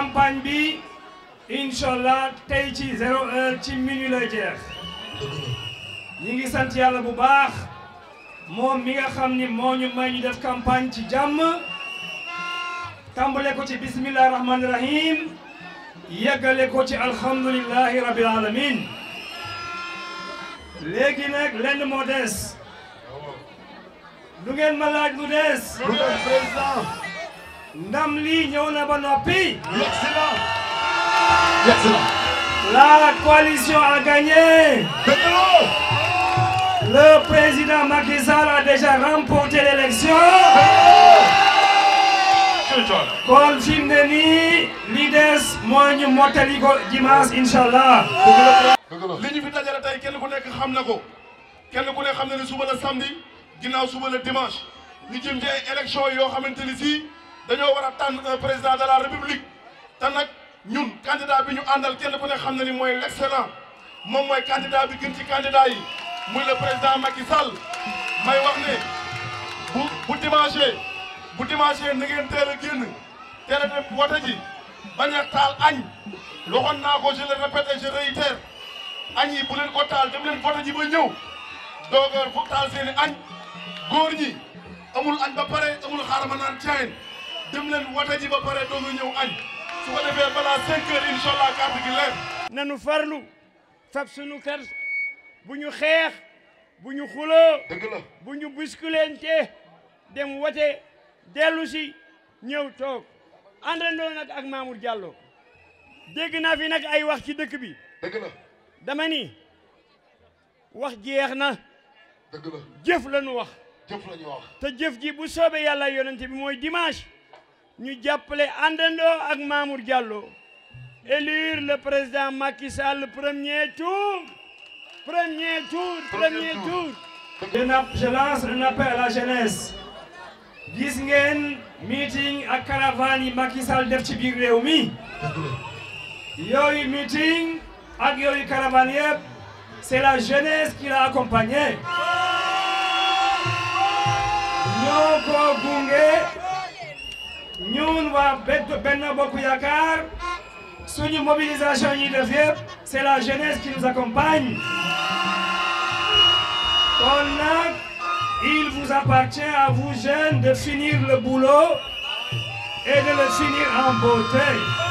campagne bi incha tey ci zéro heure ci minuit lay jeex ñi ngi sant yàlla bu baax moom mi nga xam ni moo ñu may ñu def campagne ci jàmm tàmbale ko ci bisimilah rahmaani ko ci alhamdulilahi rabil léegi nag lenn moo des lu ngeen ma laaj lu des ndam lii on na ba noppi. l'excellent. l'excellent. la coalition a gagné. le président Macky Sall a déjà remporté l'élection. kon fi mu ne nii li des mooy ñu dimanche incha allah. li ñu fi dajale tey kenn ku nekk xam na kenn ku nekk xam na suba samedi ginnaaw suba la dimanche ñu jëm ci ay élection yoo xamante ni dañoo war a tànn un président de la république te nag ñun candidat bi ñu àndal kenn ku ne xam na ni mooy l' moom mooy candidat bi gën ci candidat yi muy le président Macky Sall may wax ne bu bu dimanche bu dimanche na ngeen teel a génn teel a dem wote ji a taal añ waxoon naa ko je le répète et je réitère añ yi bu leen taal dem leen vote ba ñëw doogar fu taal seeni añ góor ñi amul añ ba pare amul xaaral ma naan dem leen wote ji ba pare doogu ñëw añ su ko defee balaa 5 heures incha allah gi leer. nanu farlu fab sunu kër bu ñu xeex bu ñu xuloo. dëgg la bu ñu buskulente dem wote dellu si ñëw toog àndandoo nag ak Mamour Diallo dégg naa fi nag ay wax ci dëkk bi. dëgg la dama ni wax jeex na. dëgg la jëf la ñu wax. jëf la te jëf ji bu soobee yàlla yonent bi mooy dimanche. nous appelons Andendo ak Mamour Diallo élire le président Macky Sall premier tour premier tour premier tour je lance un appel à la jeunesse gis ngeen meeting à caravane Macky Sall def ci biir réew mi meeting à Yoyi caravane c'est la jeunesse qui l'a accompagné ñoo ko mobilisation c'est la jeunesse qui nous accompagne il vous appartient à vous jeunes de finir le boulot et de le finir en beauté